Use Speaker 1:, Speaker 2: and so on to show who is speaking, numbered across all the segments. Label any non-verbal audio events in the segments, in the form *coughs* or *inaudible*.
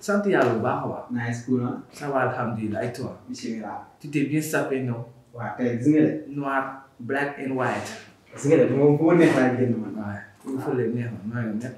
Speaker 1: sant yàlla bu nice cool ça va alhamdulilah et toi. bisimilah. tu t'es bien sapé non. Ouais, c'est vrai. noir black and white. C'est vrai, de moom foo neex laa génn man. waaw foo leen neex man maa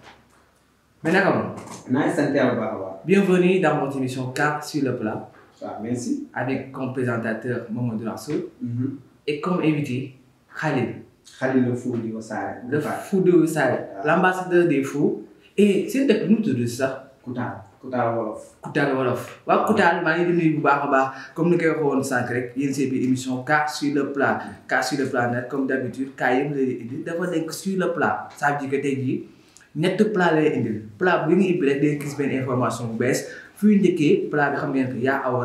Speaker 1: mais là ma. nice sant yàlla bienvenue dans mon émission 4 sur le plat. Ah, merci. avec comme présentateur Mamadou -hmm. et comme invité Khalil. Khalil le fou de Wassare. le fou de Wassare. Ah. l'ambassadeur des fous. et c'est dëkk nu mu tudd Koutal Koutal wolof. Koutal wolof waaw Koutal maa ngi di nuyu bu baax a baax comme ni koy waxee woon sànq rek yéen seen bi émission cas sur le plat cas sur le plat comme d'habitude cas dafa nekk sur le plat ça veut dire que tey jii ñett plat lay indil plat gis benn information bu bees fuy njëkkee plat bi xam ngeen yaa aw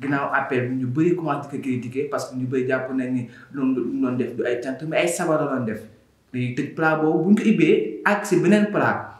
Speaker 1: ginnaaw appel bi ñu bëri commencé parce que ñu bëri jàpp nañ ni loolu lu doon def du ay cant mais ay sabara doon def bu ñu ibbee ak si beneen palaa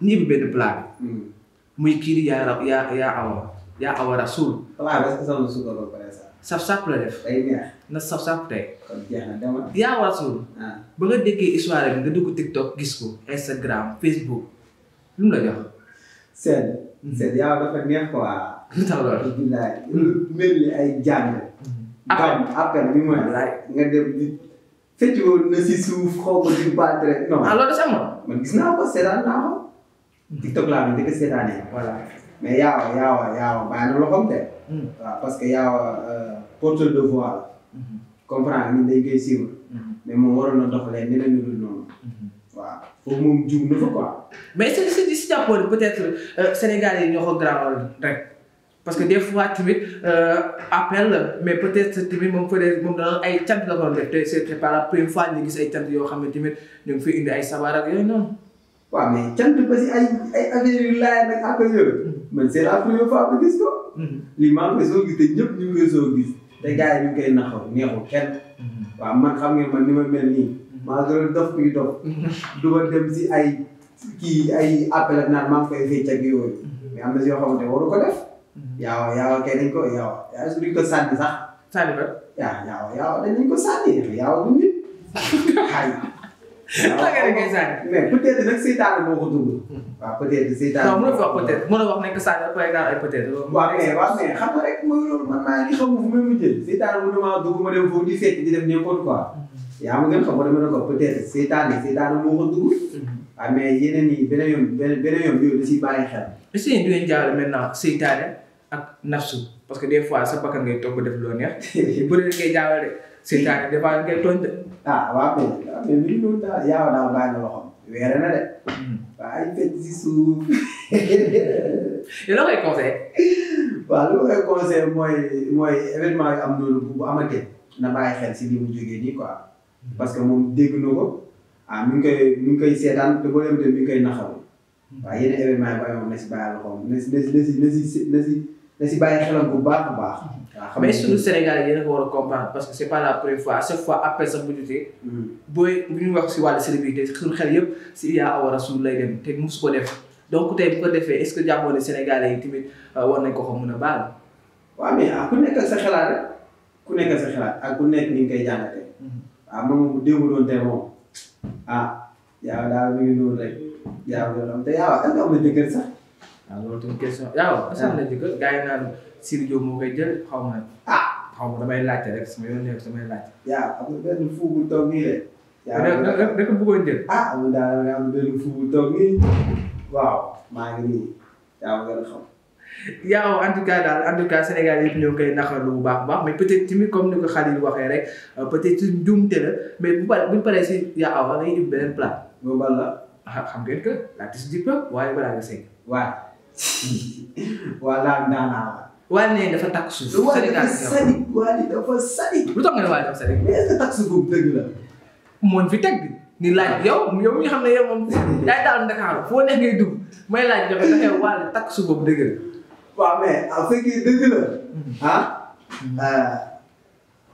Speaker 1: nii bi benn plat bi. Hmm. muy yaa ra yaa saf saf la na saf saf tey. yaa awa rasul. ba nga déggee histoire bi nga dugg TikTok gis ko Instagram Facebook hmm. lu mu la jox. seen. seen yaa dafa neex quoi. lu tax loolu. bilaay bi mooy. wallaay nga dem di. fecc TikTok laa doon dëkk seetaanee voilà mais yaawa yaawa yaawa bàyyi na loxoom de. parce que yaawa porteur de voix la. comprendre ni dañ koy mais moom waroon na doxalee neneen ñu dul noonu. waaw foofu moom jug na fa quoi. mais est ce que si peut être euh, Sénégal yi ñoo ko garaawal rek parce que des fois tamit euh, appel la mais peut être tamit moom peut être moom dana ay cant la ko def te c' est pas la première gis ay cant yoo xam ne tamit ñu ngi fi indi ay sabar ak yooyu Wah, mais cantu pasti ai ừ. ừ. ừ. ai affaire yu laay nag ak yooyu. man c'est la première fois ma gis ko. li maa ngi koy soo gis te ñëpp ñu ngi koy soo gis. te gars yi ñu ngi koy naxaw neexul kenn. waaw man xam ngeen man ni ma mel nii. maa ngi doon dof kuy dof. du ma dem si ay kii ay appel ak naan maa ngi koy fecc ak yooyu. mais am na si yoo xamante waru ko def. yaawa yaawa kay dañ ko yaawa yaa su duñ ko sànni sax. sànni ba. yaa yaawa yaawa dañ ko sànni yaawa du nit. mais peut-être nag seytaane moo ko dugg. waaw peut-être seytaane. non wax peut-être mën na wax ne que Sadio peut ay peut-être. waaw mais waaw mais xam nga rek mooy loolu man maa ngi xamu fu may mujjee seytaane mu ne maa dugg ma dem foofu di fekk di def n'importe quoi. Mm-hmm. yaa ma gën xam ma dama ne ko peut-être seytaane seytaane moo ko dugg. waaw mm-hmm. ah, mais yeneen yi beneen yoon beneen yoon yooyu da ciy bàyyi xel. est-ce que du ngeen jaawale maintenant seytaane ak nafsu parce que des fois sa bakkan ngay topp def loo neex *laughs* bu dee ngay jaawale seytaane des fois ngay tooñ de ah waa ko ah mais mbir mi daal yaaw daal bàyyi na loxoom weere na de. Hmm. waaye fecc si suuf. *laughs* yow loo koy conseillé. waaw loo koy conseillé mooy mooy événement yi am noonu bu amatee na bàyyi xel si li mu jógee nii quoi. Hmm. parce que moom dégg na ko ah mi ngi koy mi ngi koy seetaan te boo demee naxaw ngi koy naxal. Hmm. waaye yeneen événement moom na si bàyyi loxoom na si na si na si na si. na si bàyyi xelam bu baax baax. Mhm. waaw mais suñu Sénégal yi yéen a ko war a comprendre parce que c' pas la première fois à chaque fois appel sax bu jotee. Mhm. booy bu ñu wax si wàllu célébrité suñu yëpp si yaa te mosu ko def donc tey bu defee est ce que jàppoon ne Sénégalais yi tamit euh, war nañ ko ko mën a baal. waaw mais ah ku nekk sa xalaat rek ku nekk sa xalaat ak ku nekk ni nga koy jàngatee. Mhm. ah man moom bu démb moom ah yaa daal mi ngi rek yaa ngi doon am waaw ah, loolu tamit question waaw. asal na moo koy jël xaw ma. Ah! xaw ma damay laajte rek sama yoon nekk damay laajte. yaa am na benn fu bu toog nii de. yaa ngi bëggoon jël. Ah, bu waaw maa daal en Sénégal yëpp ñoo ngi koy naxarlu bu baax baax mais peut-être tamit comme ni ko Khalil waxee rek euh, peut-être njuumte la mais bu pare bu paree si yaa awa ngay indi beneen plat. boobu la. ah xam ngeen que l'artiste waaye balaa nga sëy. waaw. *laughs* voilà daanaka. waal nee dafa takk suuf. sëriñ dafa sadik waal dafa sadik. lu tax nga waal dafa sadik. mais est-ce que takk suuf boobu dëgg la. moon fi teg ni laaj ah. xam ne yow moom yaay daal Ndakaaru foo nekk ngay dugg may waal takk suuf boobu dëgg la. waaw mais en fait mm-hmm. ah. Mm-hmm. Euh,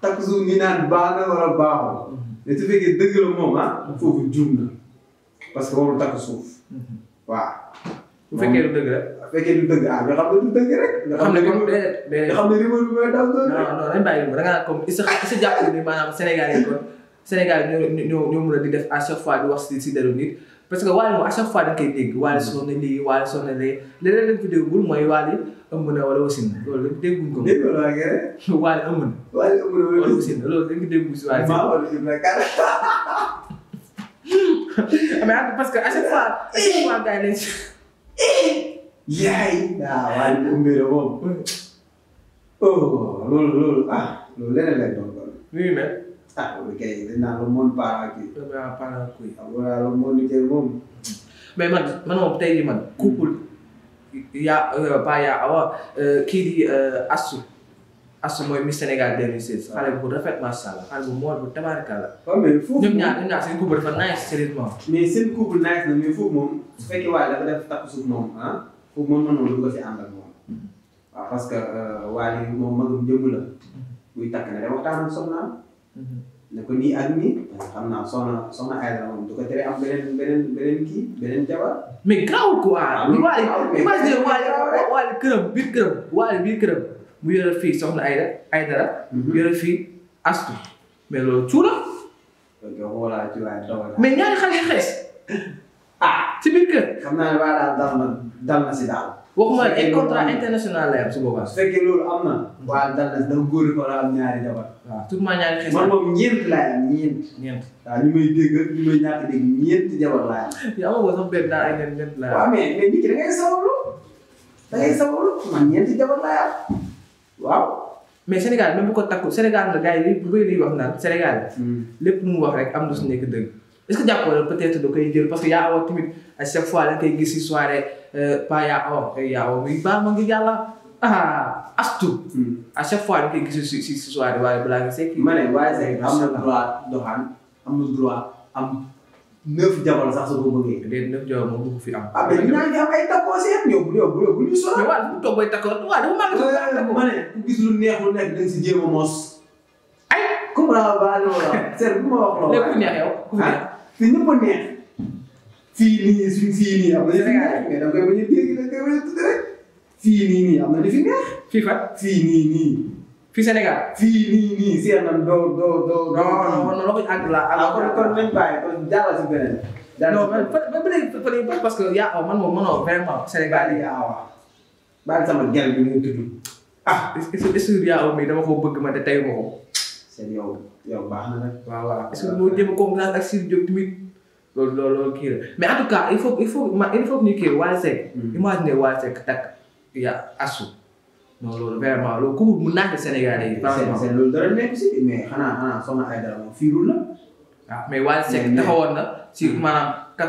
Speaker 1: takk suuf ni naan baax na wala baaxul. Mm-hmm. mais su fekkee dëgg la moom ah foofu juum na parce que warul takk suuf waaw. bu fekkee du dëgg rek. bu fekkee du dëgg ah nga xam ne du dëgg rek. nga xam ne li mu déedéet nga xam ne li mu déedéet. non non dañ bàyyi da nga di def à chaque si si deru nit parce que waale moom à chaque fois da nga koy dégg waale sonn na lii waale sonn na lee leneen lañ fi déggul mooy waale ëmb ko. *coughs* yaay ah waaye bu mbir moom *coughs* oh loolu ah loolu leneen lay doon loolu. oui mais. ah loolu kay dinaa la mën parent kii. dinaa parent kii. ah voilà moom. mais man man moom tey man couple yaa euh, pas euh, kii di euh, Astou. Astou mooy Miss Sénégal 2016. waaw ah. xale bu rafet macha allah xale bu mool bu tabaaraka la. waaw mais foofu ñoom ñaar ñoom ñaar seen couple dafa nice sérieusement. mais seen couple nice na mais foofu moom su fekkee waaye dafa def takku suuf moom ah foofu moom man moom du ko si àndal moom. Mm-hmm. waaw parce que euh, waaye moom magum jëmm la. Mm-hmm. muy takk na de waxtaan ak soxnaam. Mm-hmm. ne ko nii ak nii xam naa soxna soxna Aïda moom du ko tere am beneen beneen beneen kii beneen jabar. mais garaawul quoi. waaw ah, waaye imagine waaye waaye këram biir këram waaye biir këram. bu yore fii soxna Ayda Aydara. bu mhm. yore fii astu mais loolu tuura. mais ñaari xale yu ah, ci biir kër. xam naa ne si daal. waxuma ay contrat international lay am su ma ñaari jabar laay am. waaw mais Sénégal mu ko takku Sénégal nga gars yi bu bëri liy wax naan Sénégal. Hmm. lépp lu mu wax rek am na si nekk dëgg. est-ce que jàppoo peut-être da jël parce que yaa awa tamit à chaque fois da koy gis si soirée euh, pas yaa awa eh, yaa awa bi baax ma ngi yàlla ah astu. Hmm. à chaque fois da koy gis si si waaye balaa nga sekk. ma ne waaye Seydou am na droit am. neuf jabar sax su ko bëggee. léegi moom du fi am. ah mais dinaa fi am ay takkoo seen ñoom bu ñu sonal. mais waaw bu toog bay takkoo waaw dafa màgg dafa màgg. Euh, ma ku gis lu neex lu nekk dañ si jéem neex ku neex. te ah, neex. fii nii suñ nii am na. Sénégal mais da nga koy bañ a dégg da nga nii nii am na li fi neex. fii fan nii nii. fii Sénégal fii nii nii seer do do do do. non non non loolu àgg la àgg kon kon nañ bàyyi kon jàllal si beneen. jàllal non man ba ba léegi parce que yaa aw man moom mënoo vraiment Sénégal yi yaa sama gel bi mu ah est ce que est ce que yaa aw mi dama ko bëgg ma te tey ma ko. seen yow yow baax na nag. waaw waaw est ce que boo ma il faut que ñu kii Wally Seck. imagine Wally ya, asu. non loolu vraiment dara nekk si mais xanaa xanaa soxna ah, mais Wally Seck taxawoon na bu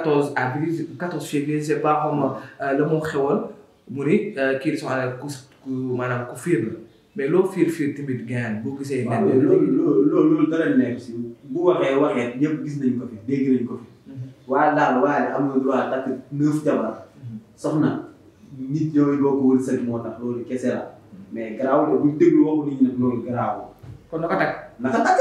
Speaker 1: waxee waxee ñëpp gis nañ ko fi dégg nañ ko fi. Mm-hmm. waaye daal waaye am nga droit takk neuf jabar mm-hmm. soxna nit yooyu boo ko wërsëg moo tax loolu kese la. mais garaaw de buñ déglu waxu nit ñi nag loolu garaaw. kon na ko takk na ko takk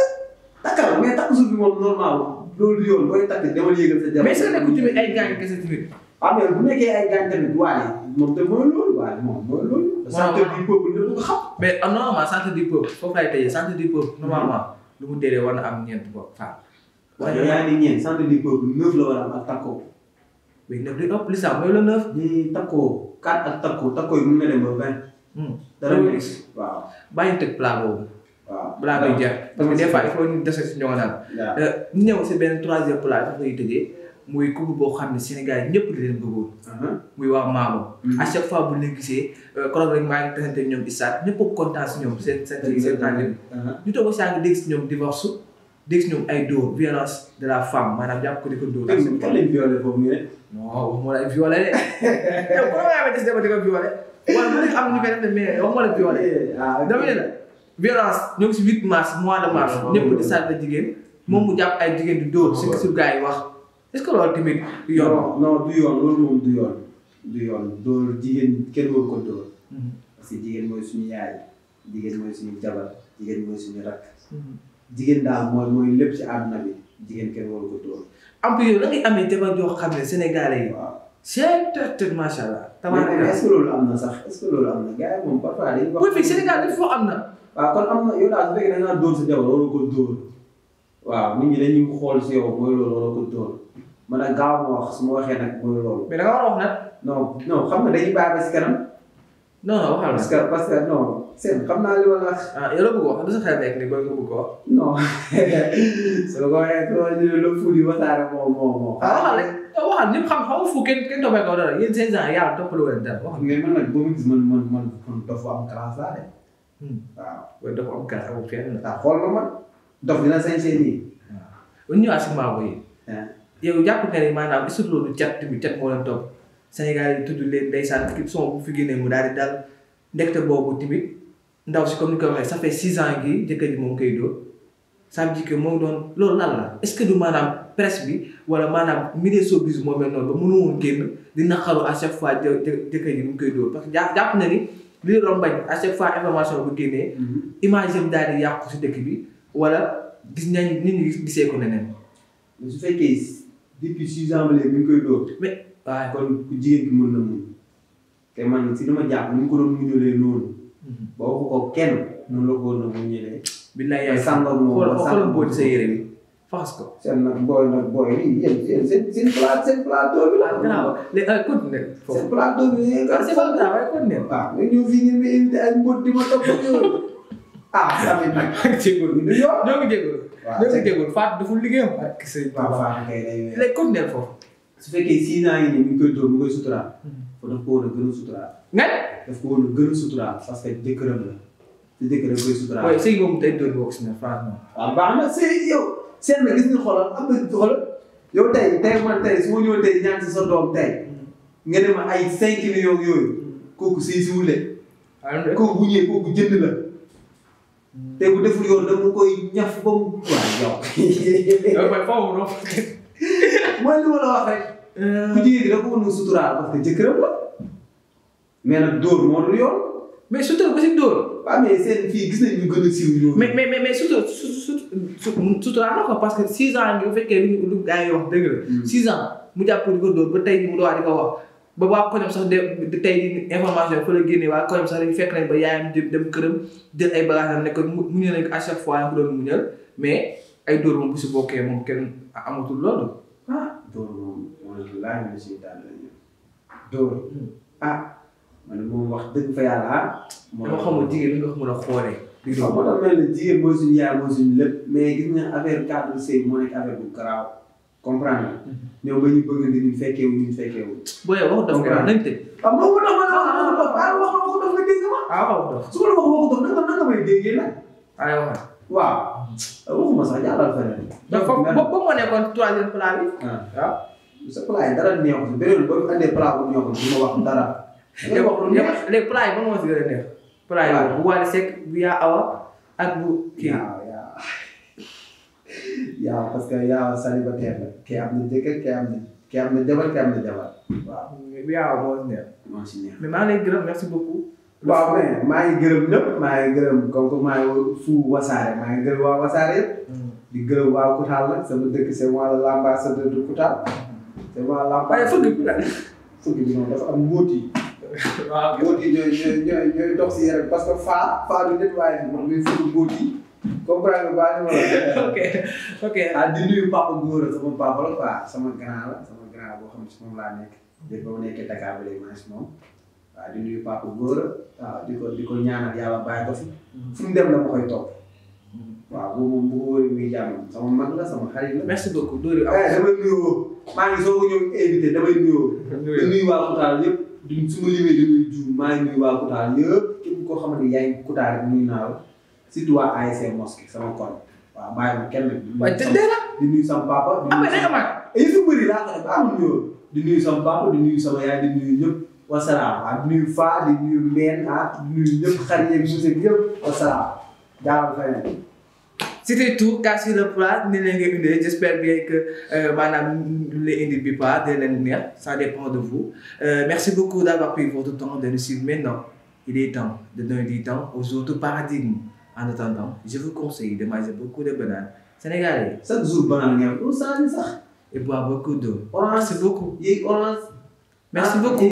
Speaker 1: takkal mais takk suuf bi moom normal loolu yoon booy takk demal yéegal sa jamono. mais sa nekku tamit ay gaañ kese tamit. waaw ah, mais bu nekkee ay gaañ tamit waale moom tamit mooy loolu waale moom mooy loolu. santé du peuple ñëpp nga xam. mais am ah, normalement santé du peuple foofu laay tëjee santé du peuple normalement lu mu déree war na am ñeent bo faam. waaw yow yaa ngi ni ñeent santé du peuple neuf la war a am ak takkoo. mais neuf li ëpp li sax mooy le neuf. di takkoo quatre ak takkoo takkoo yi mun na dem ba vingt. dara ñu gis waaw bàyyi tëg plan boobu. waaw balaa ngay jeex parce que des fois il faut ñu dese si ñoo naan. waaw ñëw si benn troisième plat dafa koy tëjee muy couple boo xam ne Sénégal ñëpp di leen bëggoon. muy waa Maabo. à chaque fois bu leen gisee keroog rek maa ngi tasante ñoom Issa ñëpp a kontaan si ñoom seen seen seen tànn. ñu toog saa ngi dégg si ñoom divorce dégg si ñoom ay dóor violence de la femme maanaam jàpp ko di ko dóor. kan lañ violé foofu ñu ne. non waxuma la violé de. yow ku la ma la amee des dama di ko violé. waaw am na ñu mais waxuma la violé. Eh, ah, si huit mars mois de mars. Ah, ñëpp di jigéen. moom mu jàpp ay jigéen di dóor. Ah, si su gars yi wax est moom du yoon. du yoon dóor jigéen kenn waru ko dóor. Mhm. parce que jigéen mooy suñu yaay jigéen mooy suñu jabar jigéen mooy suñu rakk. Mhm. jigéen daal mooy mooy lépp ci àdduna bi jigéen kenn waru ko dóor. am na yow da ngay amee jabar joo xam ne sénégalais yi. c'est macha allah. tabaaraka est-ce que loolu am na sax est-ce am na gars yi moom parfois dañuy wax. politique Sénégal il faut am na. waaw ah, kon am na yow daal su fekkee da ngaa dóor sa jabar ko dóor waaw nit ñi dañuy xool si yow mooy ko dóor man nag wax su ma waxee nag mooy loolu. mais da nga war a wax nag. non non xam nga dañuy bàyyi ba si kanam. non non waxal parce que parce que non seen xam naa li ma la wax. ah yow la bëgg wax booy nga bëgg wax. non *laughs* ko waxee tuuti la ful yi wasaare moo moo moo. ah waxal waxal li mu xam xaw fu kenn kenn toppee kaw dara yéen seen ans yàlla toppaloo leen dara waxal. mais man yi. Hmm. waaw ñu ñëwaat si Mabo maanaam est-ce que loolu cat bi cat leen topp Sénégal yi tudd leen ndeysaan kii son bu fi génnee mu daal di dal ndekte boobu tamit ndaw si comme ni ko waxee ça fait six ans gi jëkkër ji moom koy dóor. ça veut dire moom doon loolu lan la est-ce que du maanaam presse bi wala maanaam milieu showbiz moo mel noonu ba mënu woon génn dina naqaru à chaque fois jë jëkkër ji mu na ni li bu génnee. Mhm. image yi daal di dëkk bi wala gis nañ nit ñi gisee ko neneen. su fekkee mi ngi koy dóor. mais waaye kon ku jigéen bi mën na mun. te man si dama jàpp ni mu ko doon muñalee noonu. Mhm. ba waxu ko kenn. mun la góor na bu ñëwee.
Speaker 2: billaay yaay sàngal moom wala sàngal boo sa yére
Speaker 1: bi faxas ko. seen nag booy nag booy yi yéen seen seen seen plat seen plateau bi la. Ah, gannaaw léegi ah continué. foofu seen plateau bi yéen. Ah, c'est pas grave waaye continué. waaw ah, nga ñëw fii ngeen di invité ay mbóot di ma topp ah tamit nag. jégalu du yoon ñoo ngi jégalu. waaw ñoo ngi jégalu Fatou deful liggéeyam. ak sëñ bi waaw Fatou kay day wéy. léegi continué foofu. su fekkee six ans yi nii mi ngi koy dóor mi ngi koy suturaal. kon hmm. daf ko woon a gën a suturaal. nga daf ko woon a gën a suturaal parce que jëkkëram la te dëkk rek koy sutura. waaye sëy boobu tey doon wax na franchement. waaw baax na sëy yow seet na gis nga xoolal am na xoolal yow tey tey man tey su ma ñëwoon tey ñaan si sa doom tey nga dem ay 5 millions yooyu kooku sëy si wule. kooku bu ñëwee kooku jënd la. te bu deful yoon dama koy ñaf ba mu. waaw yow. yow man faaw mu mooy li ma la wax rek. Euh. ku jigéen gi da ko mën a suturaal parce que jëkkëram la. mais nag dóor moo mais surtout ba si dóor. waaw mais seen fii gis nañu mais mais mais surtout su surtout am na parce que 6 ans bu fekkee lu lu yi wax dëgg la. 6 mm. ans mu jàpp di ko dóor ba tey mu doon di ko wax. ba waa koñom tey di information fa la génnee waa koñom sax dañu fekk nañ ba dem këram jël ay bagages nekk ne ko muñal à chaque fois ko doon muñal mais ay dóor moom bu si bokkee loolu. ah dóor moom hmm. ah. man moom wax dëgg fa yàlla ah. moo xamul jigéen li nga mën a xoolee. li nga mën a mel ne jigéen mooy suñu yaay mooy suñu lépp mais gis nga affaire cadre sëy moo nekk affaire bu garaaw comprendre nga. ñoom ba ñu bëgg di ñu fekkee wu ñu fekkee wu. booy wax dof nga nañ tëj. waaw moo ko dof ma ne ma ne ma ko dof nga dégg ma. ah waaw dof su ma la wax ma ko dof naka naka may déggee la. aywa waaw. waxuma sax jàllal feneen. donc ba ba moo nekkoon troisième plat bi. ah waaw sa plat yi dara neexul beneen ba mu andee plat bu neexul du ma wax dara. léegi plat yi ban moo si gën a neex. plat yi bu Wally Seck bu Yaa Awa ak bu kii. yaa yaa yaa parce que yaa célibataire la kii am na jëkkër kii am na kii am na jabar kii am na jabar waaw. bu Yaa Awa moo si neex. moo si neex mais maa lay gërëm merci beaucoup. waaw mais maa ngi gërëm ñëpp. maa ngi gërëm kooku maa ngi fu wasaare maa ngi gërëm waa wasaare hmm. di gërëm waa Koutal la sama dëkk c'est moi l'ambassadeur de Koutal. c'est hmm. moi l'ambassadeur. waaye fukki bi la. fukki bi moom dafa am *laughs* waaw góor gi ñooy ñooy ñooy dox si yaram parce que faa faa du nettoyé bi moom muy fóotu góor gi comprendre nga baax na *laughs* ok ok ah di nuyu papa góor la sama papa la quoi sama grand la sama grand boo xam ne si moom laa nekk. léegi ba mu nekkee Dakar ba léegi maa ngi si moom waaw di nuyu papa góor waaw di ko di ko ñaanal yàlla bàyyi ko fi. fu mu dem la ma koy topp. waaw bu bu bu wóoree muy jàmm sama mag la sama xarit la. merci beaucoup Dóor yi eh, aw damay nuyoo maa ngi soog a ñëw invité damay nuyoo. nuyoo di nuyu waa Koutal yëpp. duñ su ma limee dañuy juum maa ngi nuyu waa yëpp képp koo xamante yaa ngi Koutal rek naa la surtout waa ASC Mosquée sama koñ waaw bàyyi ma kenn di nuyu sama papa di nuyu sama ay su bëri laa ko def amul ñoo di nuyu yaay di nuyu ñëpp wasalaam ah di Faa di nuyu Mbène ah di nuyu ñëpp xar yeeg monsieur yëpp wasalaam jaaraama fay c'était tout Merci le plat j'espère bien que euh, madame ne les pas de ça dépend de vous euh, merci beaucoup d'avoir pris votre temps de nous suivre maintenant il est temps de donner du temps aux autres paradigmes en attendant je vous conseille de manger beaucoup de bananes sénégalais chaque jour banane ngeen ça. et boire beaucoup d'eau Merci beaucoup merci ah, beaucoup